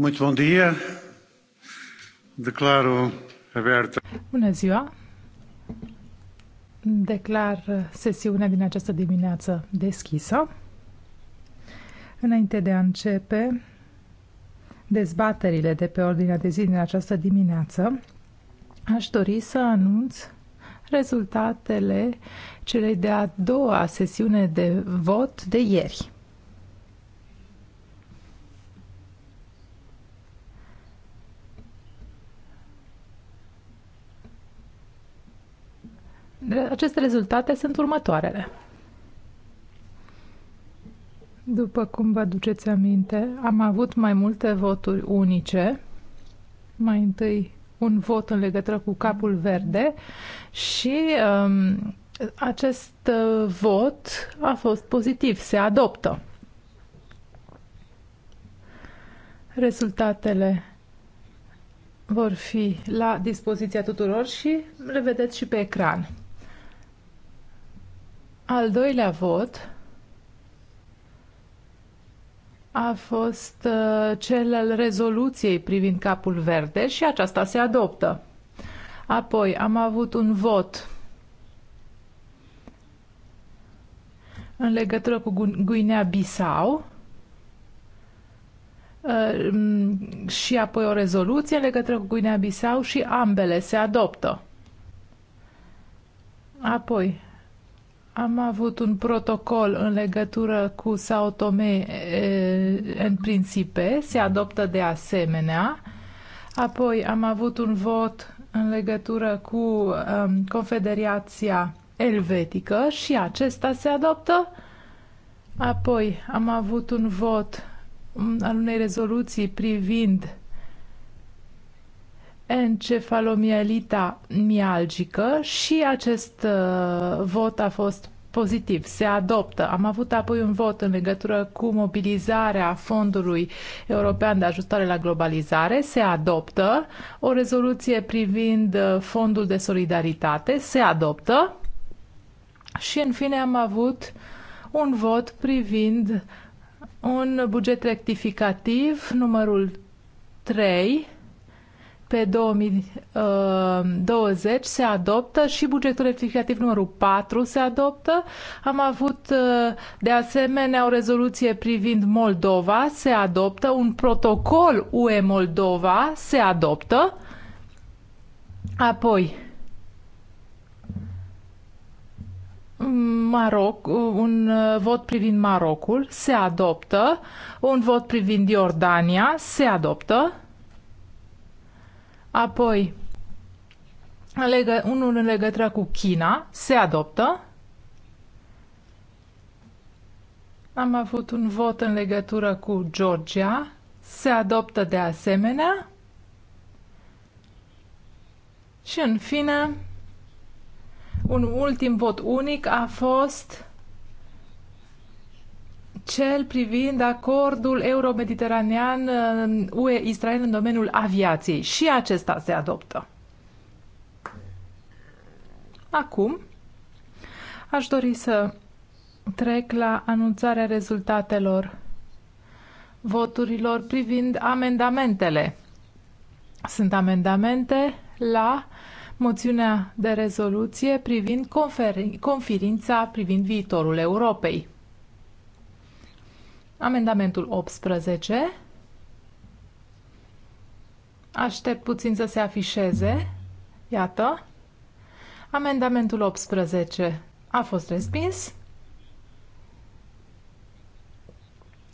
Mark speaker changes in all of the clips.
Speaker 1: Muito bom dia. Declaro aberta.
Speaker 2: Bună ziua. Declar sesiunea din această dimineață deschisă. Înainte de a începe dezbaterile de pe ordinea de zi din această dimineață, aș dori să anunț rezultatele celei de-a doua sesiune de vot de ieri. Aceste rezultate sunt următoarele. După cum vă aduceți aminte, am avut mai multe voturi unice. Mai întâi un vot în legătură cu capul verde și um, acest uh, vot a fost pozitiv, se adoptă. Rezultatele vor fi la dispoziția tuturor și le vedeți și pe ecran. Al doilea vot a fost uh, cel al rezoluției privind capul verde și aceasta se adoptă. Apoi am avut un vot în legătură cu Guinea-Bissau uh, și apoi o rezoluție în legătură cu Guinea-Bissau și ambele se adoptă. Apoi, am avut un protocol în legătură cu Sao Tome în principe, se adoptă de asemenea. Apoi am avut un vot în legătură cu um, Confederația Elvetică și acesta se adoptă. Apoi am avut un vot um, al unei rezoluții privind encefalomielita mialgică și acest uh, vot a fost pozitiv, se adoptă. Am avut apoi un vot în legătură cu mobilizarea Fondului European de Ajustare la Globalizare, se adoptă. O rezoluție privind uh, Fondul de Solidaritate, se adoptă. Și în fine am avut un vot privind un buget rectificativ numărul 3 pe 2020 uh, se adoptă și bugetul rectificativ numărul 4 se adoptă. Am avut uh, de asemenea o rezoluție privind Moldova, se adoptă, un protocol UE Moldova se adoptă. Apoi, Maroc, un uh, vot privind Marocul se adoptă, un vot privind Iordania se adoptă, Apoi, legă, unul în legătură cu China se adoptă. Am avut un vot în legătură cu Georgia. Se adoptă de asemenea. Și în fine, un ultim vot unic a fost cel privind acordul euro-mediteranean UE-Israel uh, în domeniul aviației. Și acesta se adoptă. Acum, aș dori să trec la anunțarea rezultatelor voturilor privind amendamentele. Sunt amendamente la moțiunea de rezoluție privind conferința privind viitorul Europei. Amendamentul 18. Aștept puțin să se afișeze. Iată. Amendamentul 18 a fost respins.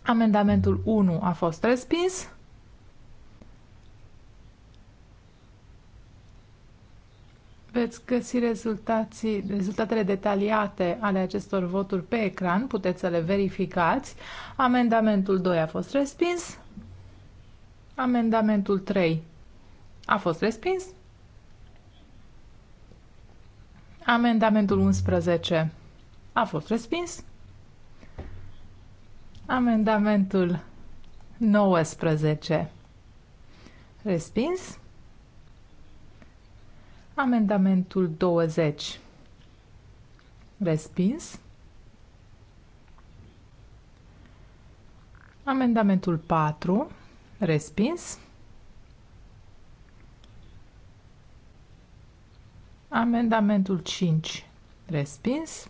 Speaker 2: Amendamentul 1 a fost respins. veți găsi rezultatele detaliate ale acestor voturi pe ecran, puteți să le verificați. Amendamentul 2 a fost respins. Amendamentul 3 a fost respins. Amendamentul 11 a fost respins. Amendamentul 19 respins. Amendamentul 20. Respins. Amendamentul 4. Respins. Amendamentul 5. Respins.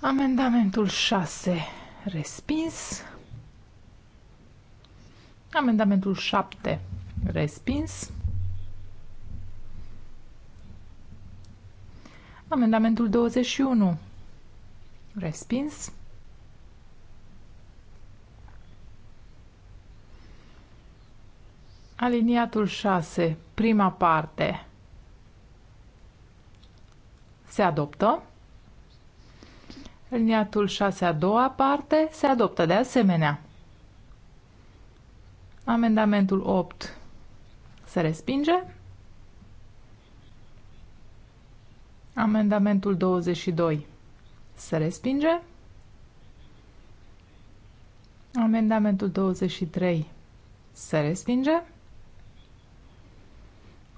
Speaker 2: Amendamentul 6. Respins. Amendamentul 7 Respins. Amendamentul 21. Respins. Aliniatul 6, prima parte, se adoptă. Aliniatul 6, a doua parte, se adoptă de asemenea. Amendamentul 8 se respinge. Amendamentul 22 se respinge. Amendamentul 23 se respinge.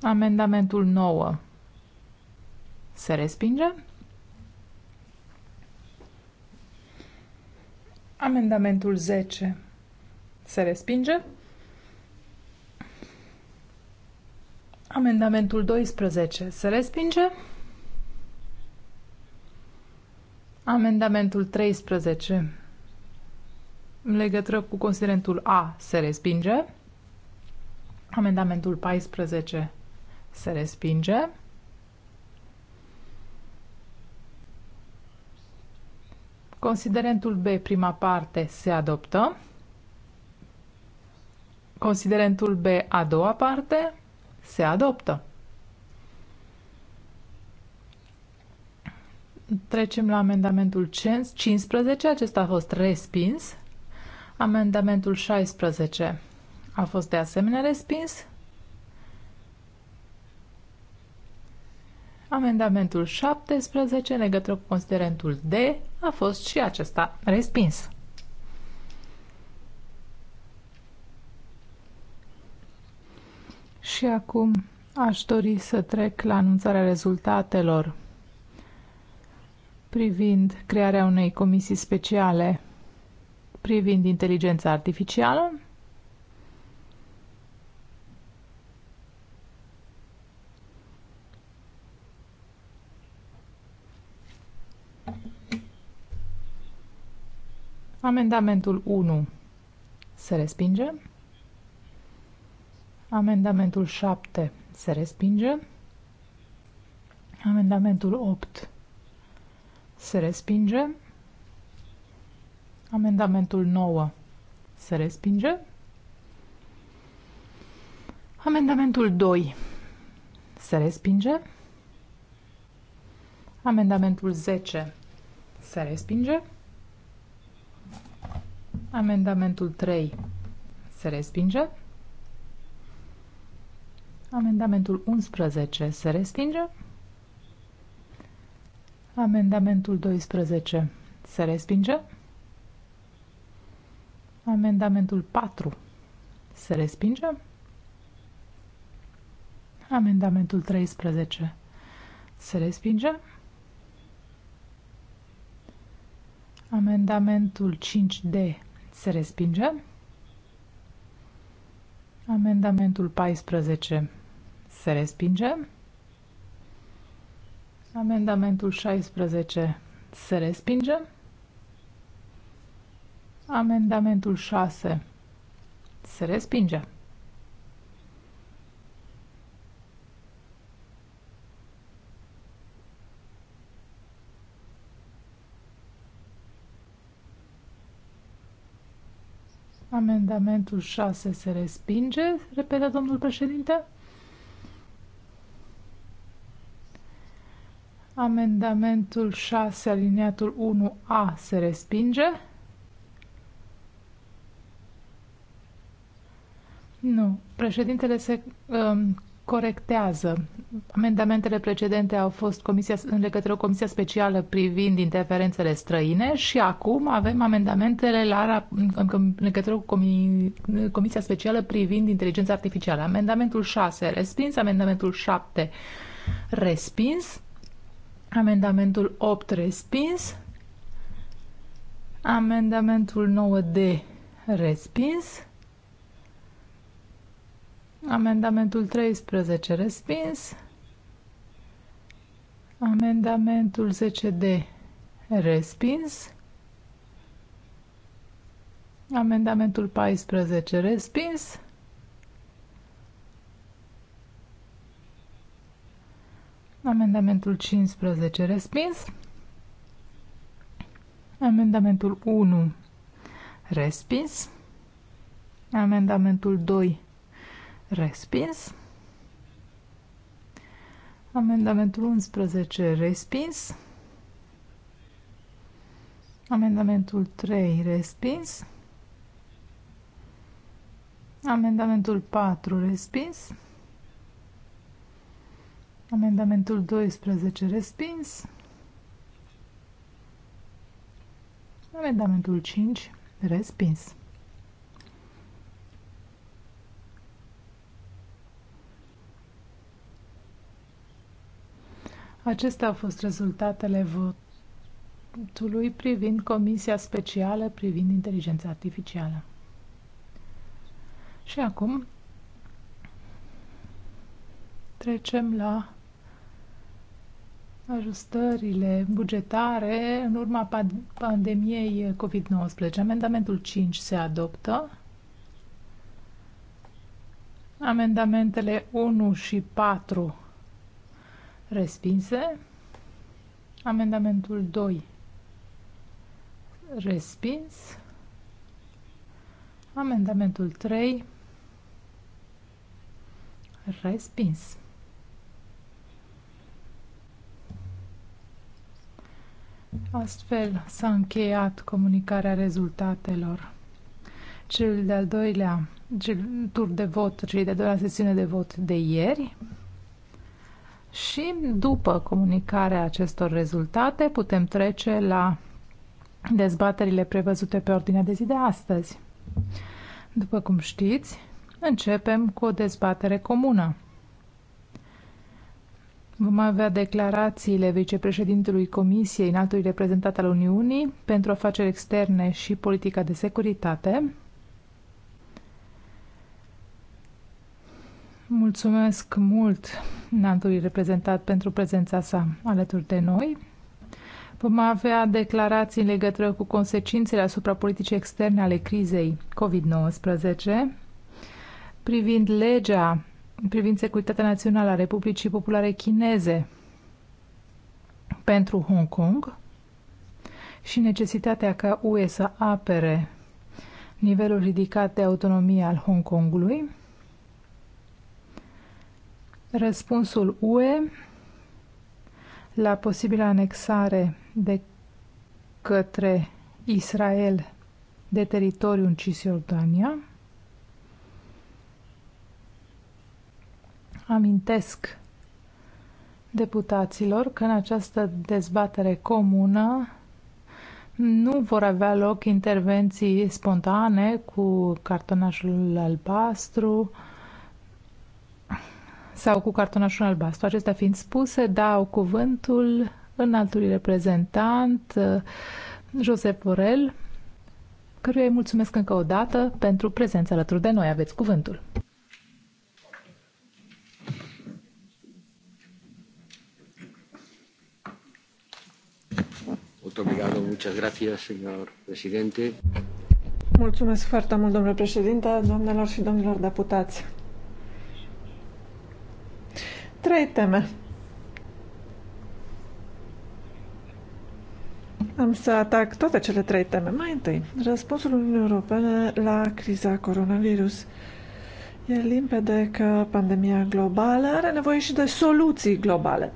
Speaker 2: Amendamentul 9 se respinge. Amendamentul 10 se respinge. Amendamentul 12 se respinge. Amendamentul 13 în legătură cu considerentul A se respinge. Amendamentul 14 se respinge. Considerentul B, prima parte, se adoptă. Considerentul B, a doua parte, se adoptă. Trecem la amendamentul 15, acesta a fost respins. Amendamentul 16 a fost de asemenea respins. Amendamentul 17, legătură cu considerentul D, a fost și acesta respins. Și acum aș dori să trec la anunțarea rezultatelor privind crearea unei comisii speciale privind inteligența artificială. Amendamentul 1 se respinge. Amendamentul 7 se respinge. Amendamentul 8 se respinge. Amendamentul 9 se respinge. Amendamentul 2 se respinge. Amendamentul 10 se respinge. Amendamentul 3 se respinge. Amendamentul 11 se respinge. Amendamentul 12 se respinge. Amendamentul 4 se respinge. Amendamentul 13 se respinge. Amendamentul 5D se respinge. Amendamentul 14 se respinge. Amendamentul 16 se respinge. Amendamentul 6 se respinge. Amendamentul 6 se respinge, repetă domnul președinte. Amendamentul 6, aliniatul 1A se respinge. Nu. Președintele se um, corectează. Amendamentele precedente au fost comisia, în legătură cu Comisia Specială privind interferențele străine și acum avem amendamentele la, în legătură cu comi, Comisia Specială privind inteligența artificială. Amendamentul 6 respins, amendamentul 7 respins. Amendamentul 8 respins. Amendamentul 9D respins. Amendamentul 13 respins. Amendamentul 10D respins. Amendamentul 14 respins. Amendamentul 15 respins. Amendamentul 1 respins. Amendamentul 2 respins. Amendamentul 11 respins. Amendamentul 3 respins. Amendamentul 4 respins. Amendamentul 12 respins. Amendamentul 5 respins. Acestea au fost rezultatele votului privind Comisia Specială privind inteligența artificială. Și acum trecem la ajustările bugetare în urma pandemiei COVID-19. Amendamentul 5 se adoptă. Amendamentele 1 și 4 respinse. Amendamentul 2 respins. Amendamentul 3 respins. Astfel s-a încheiat comunicarea rezultatelor. Cel de-al doilea cel, tur de vot, cel de-al doilea sesiune de vot de ieri. Și după comunicarea acestor rezultate putem trece la dezbaterile prevăzute pe ordinea de zi de astăzi. După cum știți, începem cu o dezbatere comună Vom avea declarațiile vicepreședintelui Comisiei Înaltului Reprezentat al Uniunii pentru afaceri externe și politica de securitate. Mulțumesc mult înaltului reprezentat pentru prezența sa alături de noi. Vom avea declarații în legătură cu consecințele asupra politicii externe ale crizei COVID-19 privind legea privind securitatea națională a Republicii Populare Chineze pentru Hong Kong și necesitatea ca UE să apere nivelul ridicat de autonomie al Hong Kongului, răspunsul UE la posibilă anexare de către Israel de teritoriu în Cisjordania, amintesc deputaților că în această dezbatere comună nu vor avea loc intervenții spontane cu cartonașul albastru sau cu cartonașul albastru. Acestea fiind spuse, dau cuvântul înaltului reprezentant, uh, Josep Vorel, căruia îi mulțumesc încă o dată pentru prezența alături de noi. Aveți cuvântul.
Speaker 3: Mulțumesc foarte mult, domnule președinte, doamnelor și domnilor deputați. Trei teme. Am să atac toate cele trei teme. Mai întâi, răspunsul Uniunii Europene la criza coronavirus. E limpede că pandemia globală are nevoie și de soluții globale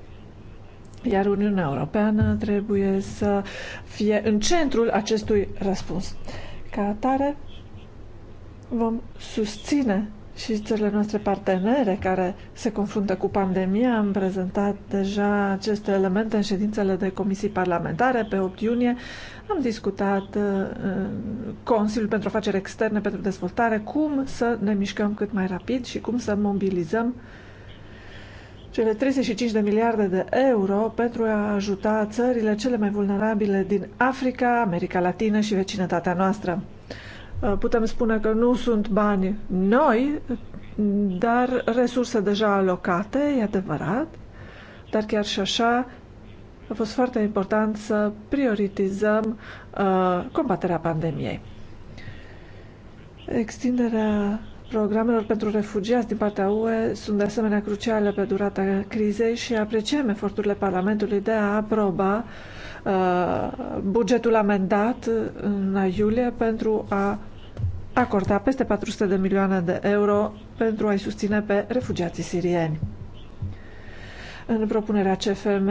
Speaker 3: iar Uniunea Europeană trebuie să fie în centrul acestui răspuns. Ca atare, vom susține și țările noastre partenere care se confruntă cu pandemia. Am prezentat deja aceste elemente în ședințele de comisii parlamentare pe 8 iunie. Am discutat uh, Consiliul pentru Afaceri Externe pentru Dezvoltare cum să ne mișcăm cât mai rapid și cum să mobilizăm uh, cele 35 de miliarde de euro pentru a ajuta țările cele mai vulnerabile din Africa, America Latină și vecinătatea noastră. Uh, putem spune că nu sunt bani noi, dar resurse deja alocate, e adevărat, dar chiar și așa a fost foarte important să prioritizăm uh, combaterea pandemiei. Extinderea programelor pentru refugiați din partea UE sunt de asemenea cruciale pe durata crizei și apreciem eforturile Parlamentului de a aproba uh, bugetul amendat în iulie pentru a acorda peste 400 de milioane de euro pentru a-i susține pe refugiații sirieni. În propunerea CFM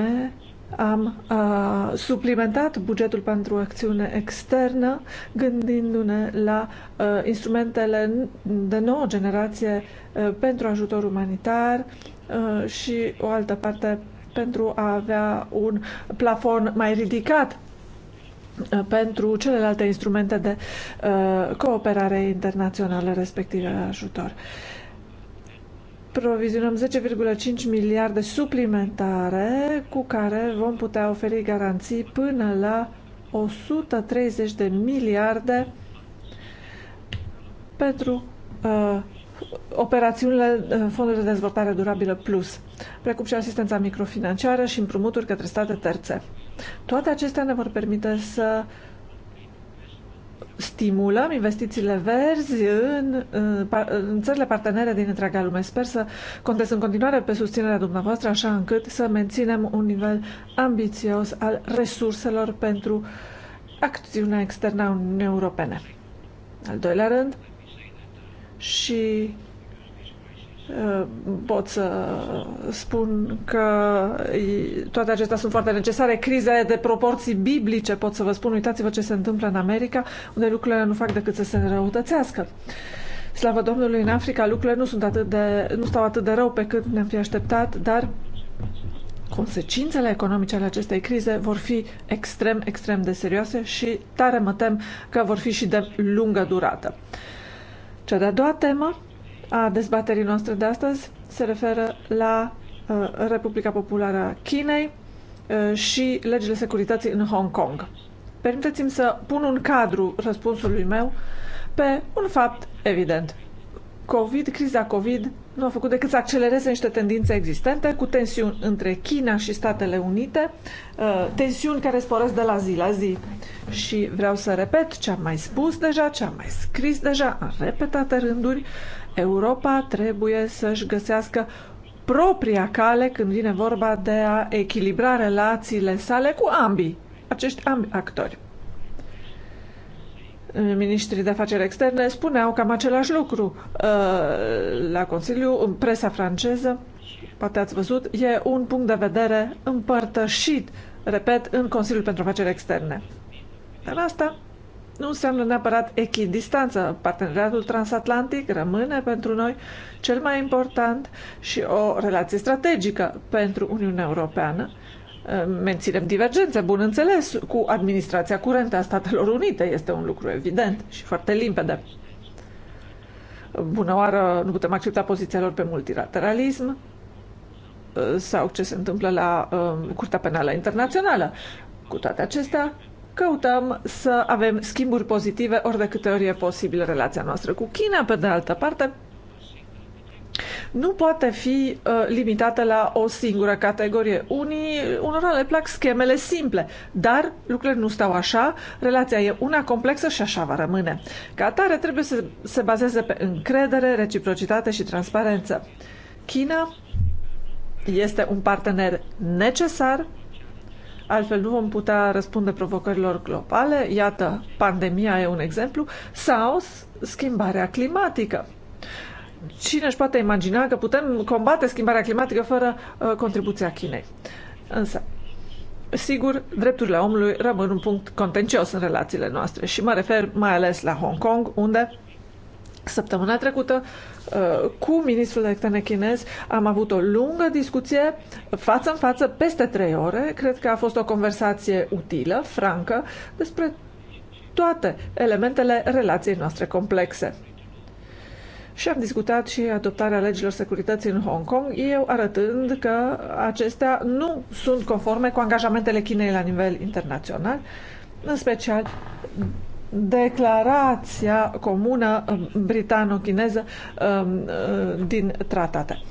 Speaker 3: am uh, suplimentat bugetul pentru acțiune externă, gândindu-ne la uh, instrumentele de nouă generație uh, pentru ajutor umanitar uh, și o altă parte pentru a avea un plafon mai ridicat uh, pentru celelalte instrumente de uh, cooperare internațională, respectiv ajutor. Uh, provizionăm 10,5 miliarde suplimentare cu care vom putea oferi garanții până la 130 de miliarde pentru uh, operațiunile uh, Fondului de Dezvoltare Durabilă Plus, precum și asistența microfinanciară și împrumuturi către state terțe. Toate acestea ne vor permite să stimulăm investițiile verzi în, în țările partenere din întreaga lume. Sper să contez în continuare pe susținerea dumneavoastră, așa încât să menținem un nivel ambițios al resurselor pentru acțiunea externă a Uniunii Europene. Al doilea rând, și pot să spun că toate acestea sunt foarte necesare. Crize de proporții biblice, pot să vă spun, uitați-vă ce se întâmplă în America, unde lucrurile nu fac decât să se înrăutățească. Slavă Domnului, în Africa lucrurile nu, sunt atât de, nu stau atât de rău pe cât ne-am fi așteptat, dar consecințele economice ale acestei crize vor fi extrem, extrem de serioase și tare mă tem că vor fi și de lungă durată. Cea de-a doua temă a dezbaterii noastre de astăzi se referă la uh, Republica Populară a Chinei uh, și legile securității în Hong Kong. Permiteți-mi să pun un cadru răspunsului meu pe un fapt evident. COVID, criza COVID nu a făcut decât să accelereze niște tendințe existente cu tensiuni între China și Statele Unite, uh, tensiuni care sporesc de la zi la zi. Și vreau să repet ce am mai spus deja, ce am mai scris deja, în repetate rânduri, Europa trebuie să-și găsească propria cale când vine vorba de a echilibra relațiile sale cu ambii, acești ambi actori. Ministrii de afaceri externe spuneau cam același lucru uh, la Consiliu, în presa franceză, poate ați văzut, e un punct de vedere împărtășit, repet, în Consiliul pentru Afaceri Externe. Dar asta nu înseamnă neapărat echidistanță. Parteneriatul transatlantic rămâne pentru noi cel mai important și o relație strategică pentru Uniunea Europeană. Ehm, menținem divergențe, bun înțeles, cu administrația curentă a Statelor Unite. Este un lucru evident și foarte limpede. Bună oară, nu putem accepta poziția lor pe multilateralism ehm, sau ce se întâmplă la um, Curtea Penală Internațională. Cu toate acestea, căutăm să avem schimburi pozitive ori de câte ori e posibil relația noastră cu China, pe de altă parte, nu poate fi uh, limitată la o singură categorie. Unii, unora le plac schemele simple, dar lucrurile nu stau așa, relația e una complexă și așa va rămâne. Ca atare trebuie să se bazeze pe încredere, reciprocitate și transparență. China este un partener necesar Altfel nu vom putea răspunde provocărilor globale, iată, pandemia e un exemplu, sau schimbarea climatică. Cine își poate imagina că putem combate schimbarea climatică fără uh, contribuția Chinei? Însă, sigur, drepturile omului rămân un punct contencios în relațiile noastre și mă refer mai ales la Hong Kong, unde Săptămâna trecută, uh, cu ministrul de externe chinez, am avut o lungă discuție față în față, peste trei ore. Cred că a fost o conversație utilă, francă, despre toate elementele relației noastre complexe. Și am discutat și adoptarea legilor securității în Hong Kong, eu arătând că acestea nu sunt conforme cu angajamentele Chinei la nivel internațional, în special declarația comună um, britano-chineză um, uh, din tratate.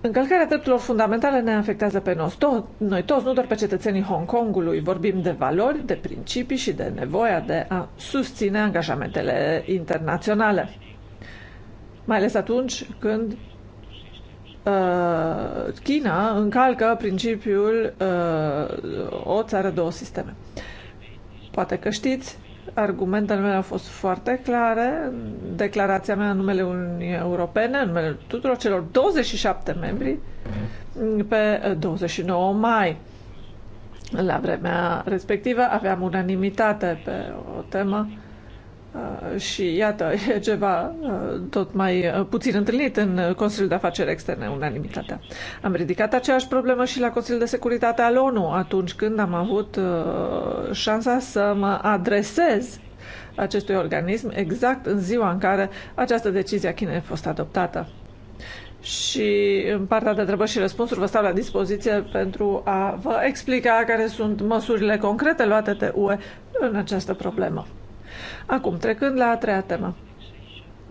Speaker 3: Încălcarea drepturilor fundamentale ne afectează pe noi toți, noi toți, nu doar pe cetățenii Hong Kongului. Vorbim de valori, de principii și de nevoia de a susține angajamentele internaționale. Mai ales atunci când uh, China încalcă principiul uh, o țară, două sisteme. Uh, Poate că știți, argumentele mele au fost foarte clare. Declarația mea în numele Uniunii Europene, în numele tuturor celor 27 membri, mhm. pe 29 eh, mai. La vremea respectivă aveam unanimitate pe o temă Uh, și iată, e ceva uh, tot mai uh, puțin întâlnit în Consiliul de Afaceri Externe, unanimitatea. Am ridicat aceeași problemă și la Consiliul de Securitate al ONU atunci când am avut șansa să mă adresez acestui organism exact în ziua în care această decizie a Chinei a fost adoptată. Și în partea de întrebări și răspunsuri vă stau la dispoziție pentru a vă explica care sunt măsurile concrete luate de UE în această problemă. Acum, trecând la a treia temă,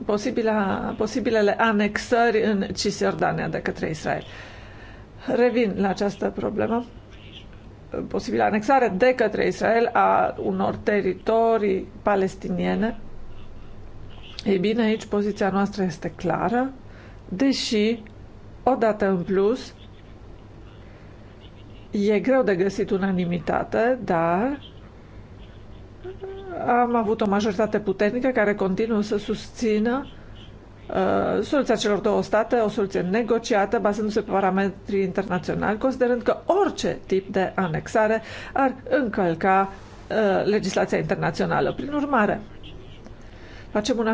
Speaker 3: posibila, posibilele anexări în Cisjordania de către Israel. Revin la această problemă. Posibilă anexare de către Israel a unor teritorii palestiniene. Ei bine, aici poziția noastră este clară, deși, odată în plus, e greu de găsit unanimitate, dar am avut o majoritate puternică care continuă să susțină uh, soluția celor două state, o soluție negociată, bazându-se pe parametrii internaționali, considerând că orice tip de anexare ar încălca uh, legislația internațională. Prin urmare, Facem un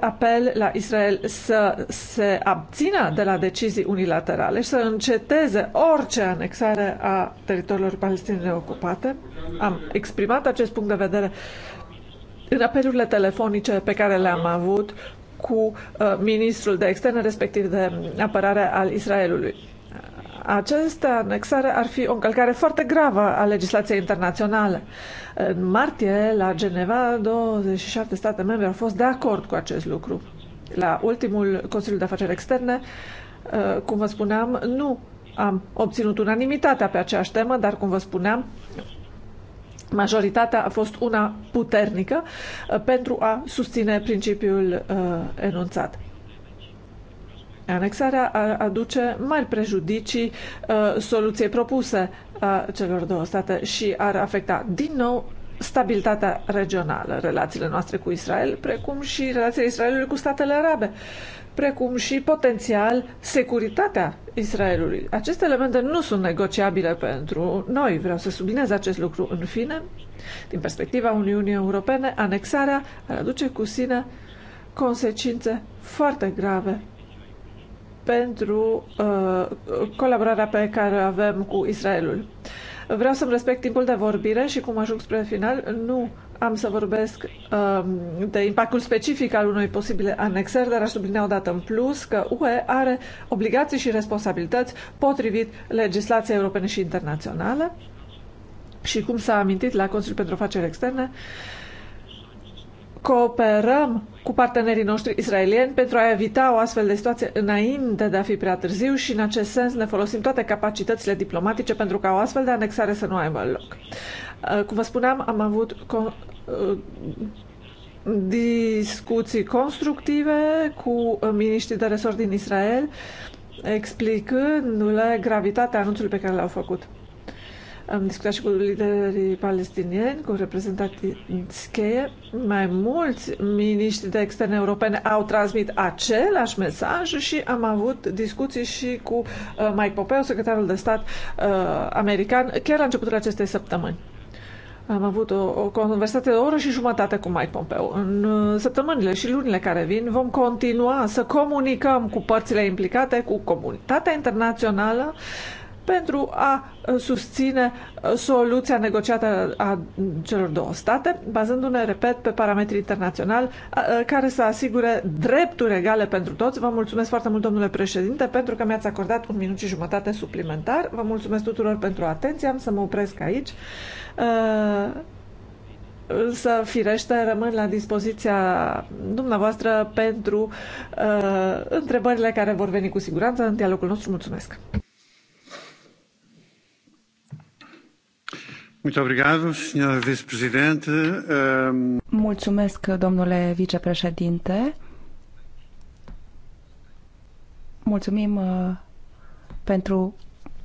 Speaker 3: apel la Israel să se abțină de la decizii unilaterale și să înceteze orice anexare a teritoriilor palestinene ocupate. Am exprimat acest punct de vedere în apelurile telefonice pe care le-am avut cu uh, ministrul de externe, respectiv de apărare al Israelului. Această anexare ar fi o încălcare foarte gravă a legislației internaționale. În martie, la Geneva, 27 state membre au fost de acord cu acest lucru. La ultimul Consiliu de Afaceri Externe, uh, cum vă spuneam, nu am obținut unanimitatea pe aceeași temă, dar, cum vă spuneam, majoritatea a fost una puternică uh, pentru a susține principiul uh, enunțat. Anexarea aduce mari prejudicii uh, soluției propuse a uh, celor două state și ar afecta din nou stabilitatea regională, relațiile noastre cu Israel, precum și relațiile Israelului cu statele arabe, precum și potențial securitatea Israelului. Aceste elemente nu sunt negociabile pentru noi. Vreau să subliniez acest lucru. În fine, din perspectiva Uniunii Europene, anexarea ar aduce cu sine consecințe foarte grave pentru uh, colaborarea pe care avem cu Israelul. Vreau să-mi respect timpul de vorbire și cum ajung spre final, nu am să vorbesc um, de impactul specific al unui posibile anexări, dar aș sublinea dată în plus că UE are obligații și responsabilități potrivit legislației europene și internaționale și cum s-a amintit la Consiliul pentru Afaceri Externe, uh, cooperăm cu partenerii noștri israelieni pentru a evita o astfel de situație înainte de a fi prea târziu și în acest sens ne folosim toate capacitățile diplomatice pentru ca o astfel de anexare să nu aibă loc. Uh, cum vă spuneam, am avut uh, discuții constructive cu miniștrii de resort din Israel, explicându-le gravitatea anunțului pe care l-au făcut. Am discutat și cu liderii palestinieni, cu reprezentanții cheie. Mai mulți miniștri de externe europene au transmit același mesaj și am avut discuții și cu uh, Mike Pompeo, secretarul de stat uh, american, chiar la începutul acestei săptămâni. Am avut o, o conversație de o oră și jumătate cu Mike Pompeo. În uh, săptămânile și lunile care vin vom continua să comunicăm cu părțile implicate, cu comunitatea internațională, pentru a uh, susține uh, soluția negociată a celor două state, bazându-ne, repet, pe parametrii internaționali uh, care să asigure drepturi egale pentru toți. Vă mulțumesc foarte mult, domnule președinte, pentru că mi-ați acordat un minut și jumătate suplimentar. Vă mulțumesc tuturor pentru atenție. Am să mă opresc aici. Însă, firește, rămân la dispoziția dumneavoastră pentru uh, întrebările care vor veni cu siguranță în dialogul nostru. Mulțumesc!
Speaker 1: Ehm,
Speaker 4: Mulțumesc, domnule vicepreședinte. Mulțumim uh, pentru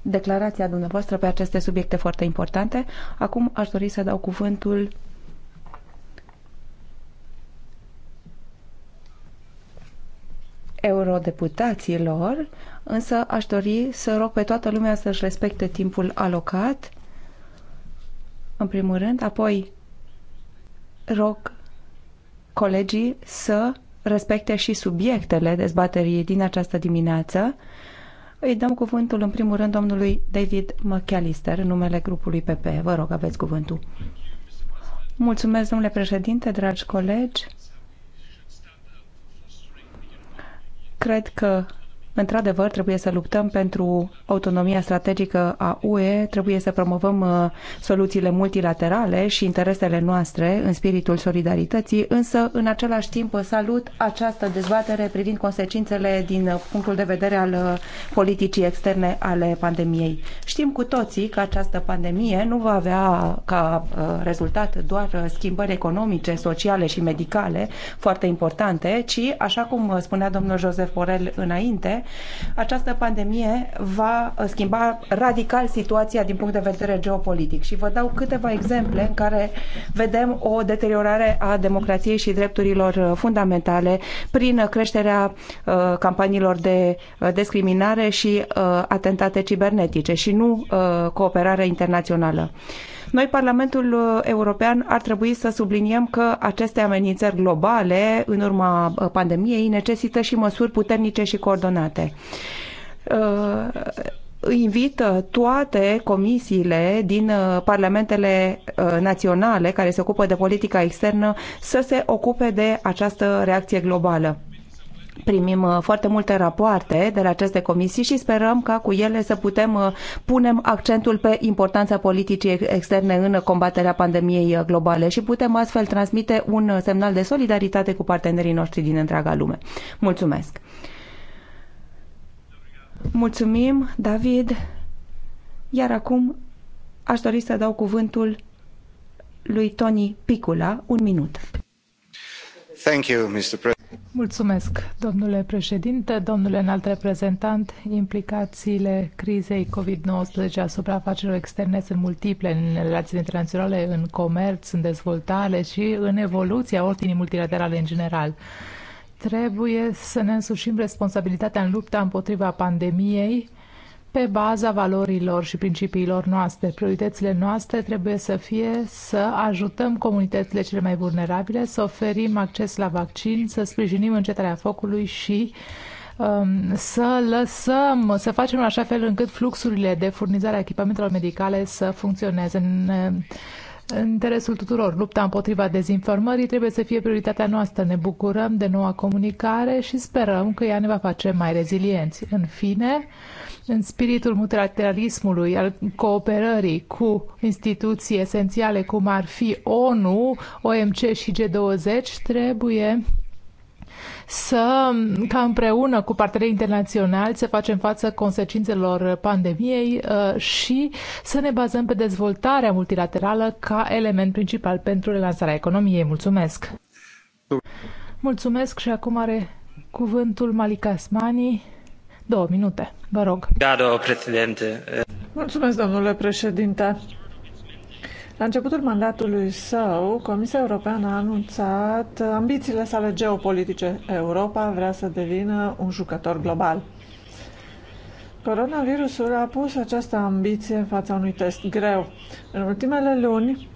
Speaker 4: declarația dumneavoastră pe aceste subiecte foarte importante. Acum aș dori să dau cuvântul eurodeputaților, însă aș dori să rog pe toată lumea să-și respecte timpul alocat în primul rând, apoi rog colegii să respecte și subiectele dezbaterii din această dimineață. Îi dăm cuvântul în primul rând domnului David McAllister, în numele grupului PP. Vă rog, aveți cuvântul. Mulțumesc, domnule președinte, dragi colegi. Cred că Într-adevăr, trebuie să luptăm pentru autonomia strategică a UE, trebuie să promovăm uh, soluțiile multilaterale și interesele noastre în spiritul solidarității, însă, în același timp, salut această dezbatere privind consecințele din uh, punctul de vedere al uh, politicii externe ale pandemiei. Știm cu toții că această pandemie nu va avea ca rezultat doar schimbări economice, sociale și medicale foarte importante, ci, așa cum spunea domnul Josef Borel înainte, această pandemie va uh, schimba radical situația din punct de vedere geopolitic. Și vă dau câteva exemple în care vedem o deteriorare a democrației și drepturilor uh, fundamentale prin creșterea uh, campaniilor de discriminare și atentate cibernetice și nu cooperare internațională. Noi, Parlamentul uh, European, ar trebui să subliniem că aceste amenințări globale, în urma uh, pandemiei, necesită și măsuri puternice și coordonate uh, invită toate comisiile din parlamentele naționale care se ocupă de politica externă să se ocupe de această reacție globală. Primim uh, foarte multe rapoarte de la aceste comisii și sperăm ca cu ele să putem uh, punem accentul pe importanța politicii externe în combaterea pandemiei uh, globale și putem astfel transmite un semnal de solidaritate cu partenerii noștri din întreaga lume. Mulțumesc! Mulțumim, David! Iar acum aș dori să dau cuvântul lui Tony Picula. Un minut. Mulțumesc, domnule
Speaker 2: președinte, domnule înalt reprezentant. Implicațiile crizei COVID-19 asupra afacerilor externe sunt multiple în relațiile internaționale, în comerț, în dezvoltare și în evoluția ordinii multilaterale în general. Trebuie să ne însușim responsabilitatea în lupta împotriva pandemiei, pe baza valorilor și principiilor noastre. Prioritățile noastre trebuie să fie să ajutăm comunitățile cele mai vulnerabile, să oferim acces la vaccin, să sprijinim încetarea focului și um, să lăsăm, să facem în așa fel încât fluxurile de furnizare a echipamentelor medicale să funcționeze. În, în interesul tuturor. Lupta împotriva dezinformării trebuie să fie prioritatea noastră. Ne bucurăm de noua comunicare și sperăm că ea ne va face mai rezilienți. În fine, în spiritul multilateralismului, al cooperării cu instituții esențiale cum ar fi ONU, OMC și G20, trebuie să, ca împreună cu partenerii internaționali, să facem față consecințelor pandemiei uh, și să ne bazăm pe dezvoltarea multilaterală ca element principal pentru relansarea economiei. Mulțumesc! Mulțumesc și acum are cuvântul Malika Asmani. Două minute, vă rog.
Speaker 1: Da, domnule președinte.
Speaker 3: Mulțumesc, domnule președinte. La începutul mandatului său, Comisia Europeană a anunțat ambițiile sale geopolitice. Europa vrea să devină un jucător global. Coronavirusul a pus această ambiție în fața unui test greu. În ultimele luni,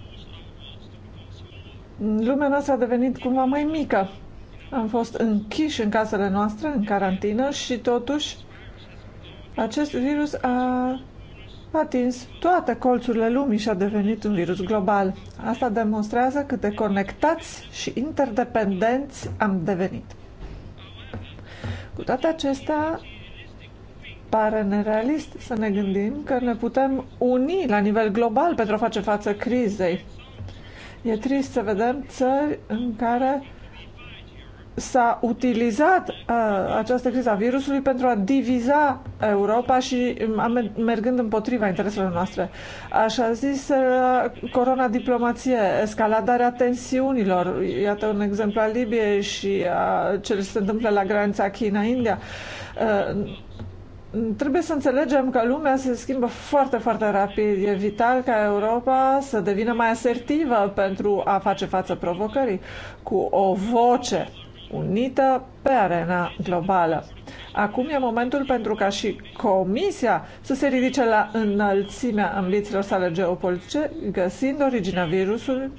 Speaker 3: lumea noastră a devenit cumva mai mică. Am fost închiși în casele noastre, în carantină și totuși acest virus a a atins toate colțurile lumii și a devenit un virus global. Asta demonstrează cât de conectați și interdependenți am devenit. Cu toate acestea, pare nerealist să ne gândim că ne putem uni la nivel global pentru a face față crizei. E trist să vedem țări în care s-a utilizat uh, această criză a virusului pentru a diviza Europa și uh, mergând împotriva intereselor noastre. Așa zis, uh, corona diplomație, escaladarea tensiunilor, iată un exemplu al Libiei și a ce se întâmplă la granița China-India. Uh, trebuie să înțelegem că lumea se schimbă foarte, foarte rapid. E vital ca Europa să devină mai asertivă pentru a face față provocării cu o voce unită pe arena globală. Acum e momentul pentru ca și Comisia să se ridice la înălțimea ambițiilor sale geopolitice, găsind originea virusului,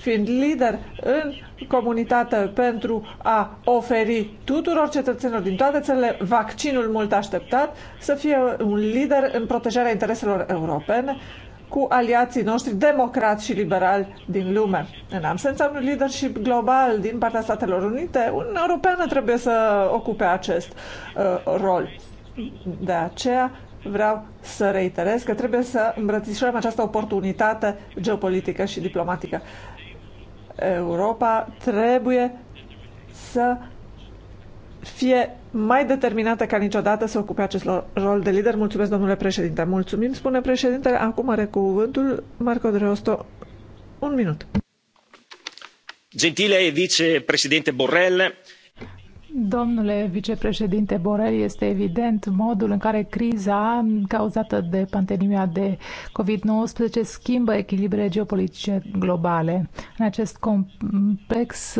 Speaker 3: fiind lider în comunitate pentru a oferi tuturor cetățenilor din toate țările vaccinul mult așteptat, să fie un lider în protejarea intereselor europene, cu aliații noștri democrați și liberali din lume. În absența unui leadership global din partea Statelor Unite, Un european trebuie să ocupe acest uh, rol. De aceea vreau să reiterez că trebuie să îmbrățișăm această oportunitate geopolitică și diplomatică. Europa trebuie să fie mai determinată ca niciodată să ocupe acest rol de lider. Mulțumesc, domnule președinte. Mulțumim, spune președintele. Acum are cuvântul Marco Dreosto. Un minut. Gentile vicepreședinte Borrell, Domnule
Speaker 2: vicepreședinte Borel, este evident modul în care criza cauzată de pandemia de COVID-19 schimbă echilibrele geopolitice globale. În acest complex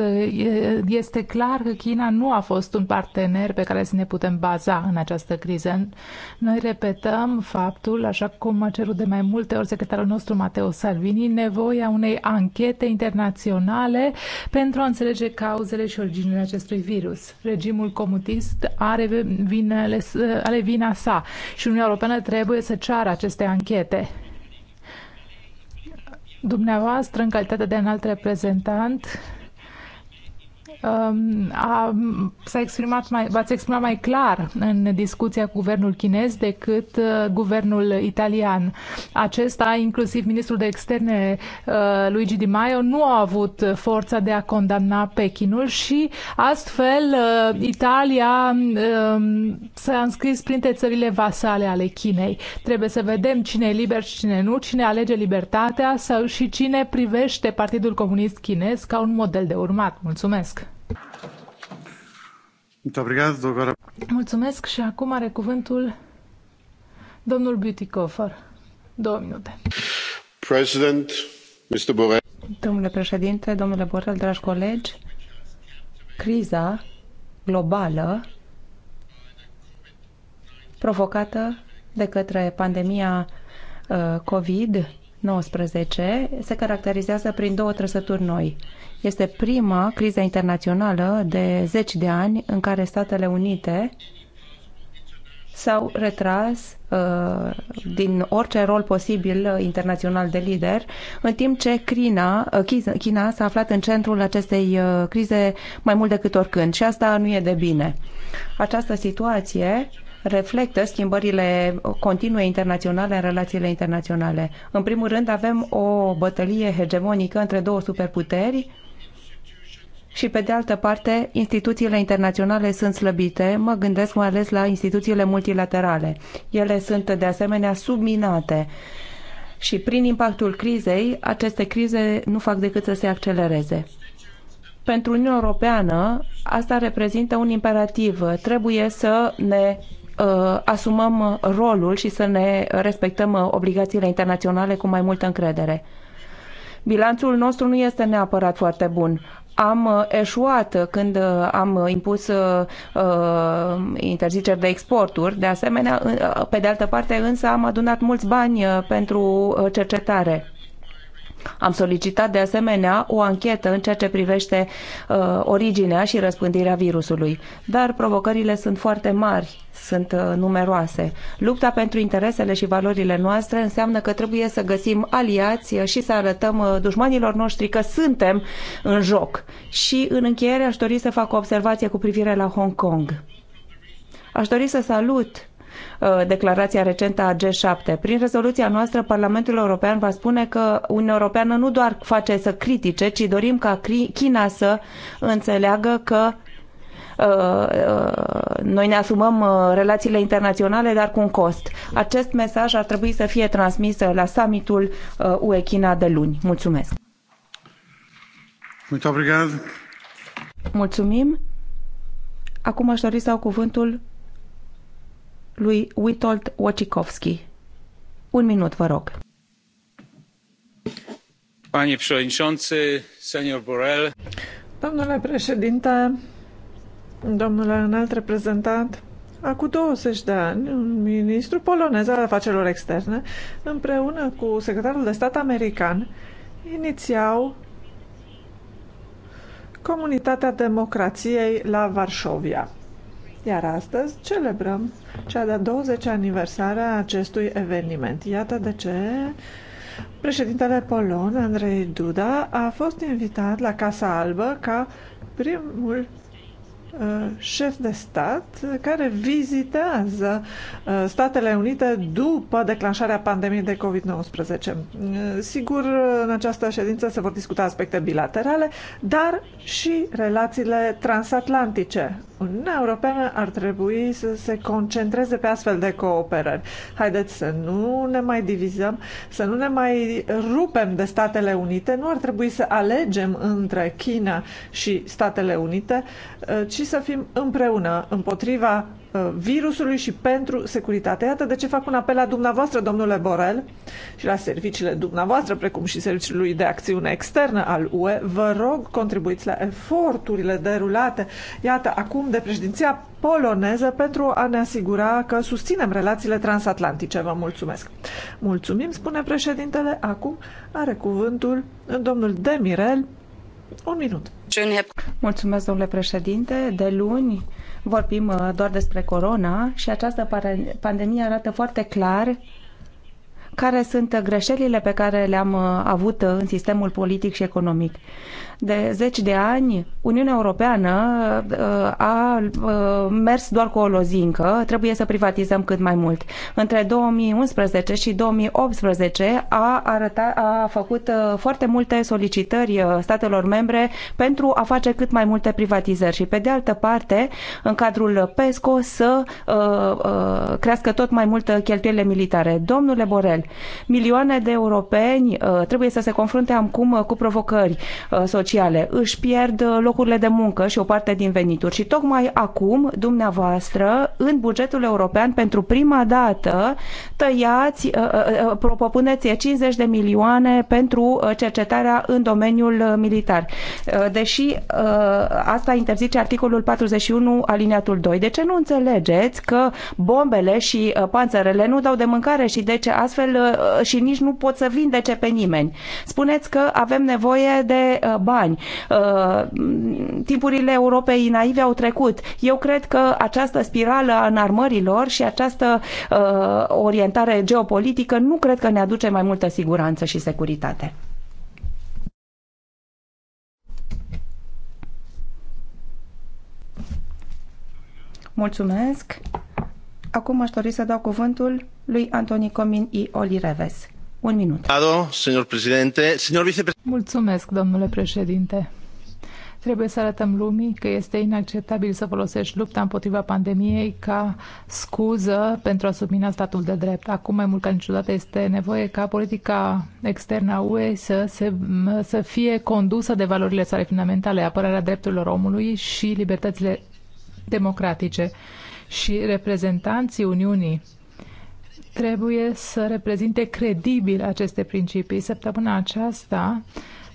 Speaker 2: este clar că China nu a fost un partener pe care să ne putem baza în această criză. Noi repetăm faptul, așa cum a cerut de mai multe ori secretarul nostru Mateo Salvini, nevoia unei anchete internaționale pentru a înțelege cauzele și originile acestui virus regimul comunist are, vinele, are vina sa și Uniunea Europeană trebuie să ceară aceste anchete. Dumneavoastră, în calitate de înalt reprezentant, Um, a, s-a exprimat mai, v-ați exprimat mai clar în discuția cu guvernul chinez decât uh, guvernul italian. Acesta, inclusiv ministrul de externe uh, Luigi Di Maio, nu a avut forța de a condamna Pechinul și astfel uh, Italia um, s-a înscris printre țările vasale ale Chinei. Trebuie să vedem cine e liber și cine nu, cine alege libertatea sau și cine privește Partidul Comunist Chinez ca un model de urmat. Mulțumesc! Mulțumesc și acum are cuvântul domnul Butikofer.
Speaker 4: Două minute.
Speaker 1: President, Mr. Borrell.
Speaker 4: Domnule președinte, domnule Borrell, dragi colegi, criza globală provocată de către pandemia uh, COVID 2019 se caracterizează prin două trăsături noi. Este prima criză internațională de zeci de ani în care Statele Unite s-au retras uh, din orice rol posibil uh, internațional de lider, în timp ce China, uh, China s-a aflat în centrul acestei uh, crize mai mult decât oricând și asta nu e de bine. Această situație reflectă schimbările continue internaționale în relațiile internaționale. În primul rând, avem o bătălie hegemonică între două superputeri și, pe de altă parte, instituțiile internaționale sunt slăbite, mă gândesc mai ales la instituțiile multilaterale. Ele sunt, de asemenea, subminate și, prin impactul crizei, aceste crize nu fac decât să se accelereze pentru Uniunea Europeană asta reprezintă un imperativ. Trebuie să ne Uh, asumăm rolul și să ne respectăm uh, obligațiile internaționale cu mai multă încredere. Bilanțul nostru nu este neapărat foarte bun am uh, eșuat când am impus uh, interziceri de exporturi. De asemenea, pe de altă parte, însă am adunat mulți bani pentru cercetare. Am solicitat de asemenea o anchetă în ceea ce privește uh, originea și răspândirea virusului, dar provocările sunt foarte mari, sunt uh, numeroase. Lupta pentru interesele și valorile noastre înseamnă că trebuie să găsim aliați și să arătăm uh, dușmanilor noștri că suntem în joc. Și în încheiere aș dori să fac o observație cu privire la Hong Kong. Aș dori să salut Uh, declarația recentă a G7. Prin rezoluția noastră, Parlamentul European va spune că Uniunea Europeană nu doar face să critique, ci dorim ca China să înțeleagă că uh, uh, noi ne asumăm relațiile internaționale, dar cu un cost. Acest mesaj ar trebui să fie transmis la summitul UE-China de luni. Mulțumesc! Mulțumim! Acum aș dori să au cuvântul lui Witold Wojcikowski. Un minut, vă rog.
Speaker 1: Panie președinte, senior Borel.
Speaker 3: Domnule președinte, domnule înalt reprezentant, Acum 20 de ani, un ministru polonez al afacerilor externe, împreună cu secretarul de stat american, inițiau Comunitatea Democrației la Varșovia iar astăzi celebrăm cea de-a 20 aniversare a acestui eveniment. Iată de ce președintele polon, Andrei Duda, a fost invitat la Casa Albă ca primul uh, șef de stat care vizitează uh, Statele Unite după declanșarea pandemiei de COVID-19. Uh, sigur, în această ședință se vor discuta aspecte bilaterale, dar și relațiile transatlantice Uniunea Europeană ar trebui să se concentreze pe astfel de cooperări. Haideți să nu ne mai divizăm, să nu ne mai rupem de Statele Unite. Nu ar trebui să alegem între China și Statele Unite, eh, ci să fim împreună împotriva Uh, virusului și pentru securitate. Iată de ce fac un apel la dumneavoastră, domnule Borel, și la serviciile dumneavoastră, precum și serviciului de acțiune externă al UE. Vă rog, contribuiți la eforturile derulate, iată, acum de președinția poloneză pentru a ne asigura că susținem relațiile transatlantice. Vă mulțumesc. Mulțumim, spune președintele. Acum are cuvântul domnul Demirel.
Speaker 4: Un minut. Mulțumesc, domnule președinte. De luni, vorbim uh, doar despre corona și această pandemie arată foarte clar care sunt greșelile pe care le-am uh, avut uh, în sistemul politic și economic de zeci de ani, Uniunea Europeană uh, a uh, mers doar cu o lozincă, trebuie să privatizăm cât mai mult. Între 2011 și 2018 a, arăta, a făcut uh, foarte multe solicitări statelor membre pentru a face cât mai multe privatizări și, pe de altă parte, în cadrul PESCO să crească tot mai mult cheltuielile militare. Domnule Borel, milioane de europeni trebuie să se confrunte acum cu provocări sociale, sociale, își pierd uh, locurile de muncă și o parte din venituri. Și tocmai acum, dumneavoastră, în bugetul european, pentru prima dată, tăiați, uh, uh, propuneți 50 de milioane pentru cercetarea în domeniul militar. Deși asta interzice articolul 41 aliniatul 2. De ce nu înțelegeți că bombele și panțerele nu dau de mâncare și deci astfel și nici nu pot să vindece pe nimeni? Spuneți că avem nevoie de bani ani. Uh, Timpurile Europei naive au trecut. Eu cred că această spirală a înarmărilor și această uh, orientare geopolitică nu cred că ne aduce mai multă siguranță și securitate. Mulțumesc. Acum aș dori să dau cuvântul lui Antoni Comin i Oli Olireves. Un minut. Mulțumesc, domnule președinte.
Speaker 2: Trebuie să arătăm lumii că este inacceptabil să folosești lupta împotriva pandemiei ca scuză pentru a submina statul de drept. Acum, mai mult ca niciodată, este nevoie ca politica externă a UE să, se, să fie condusă de valorile sale fundamentale, apărarea drepturilor omului și libertățile democratice. Și reprezentanții Uniunii trebuie să reprezinte credibil aceste principii. Săptămâna aceasta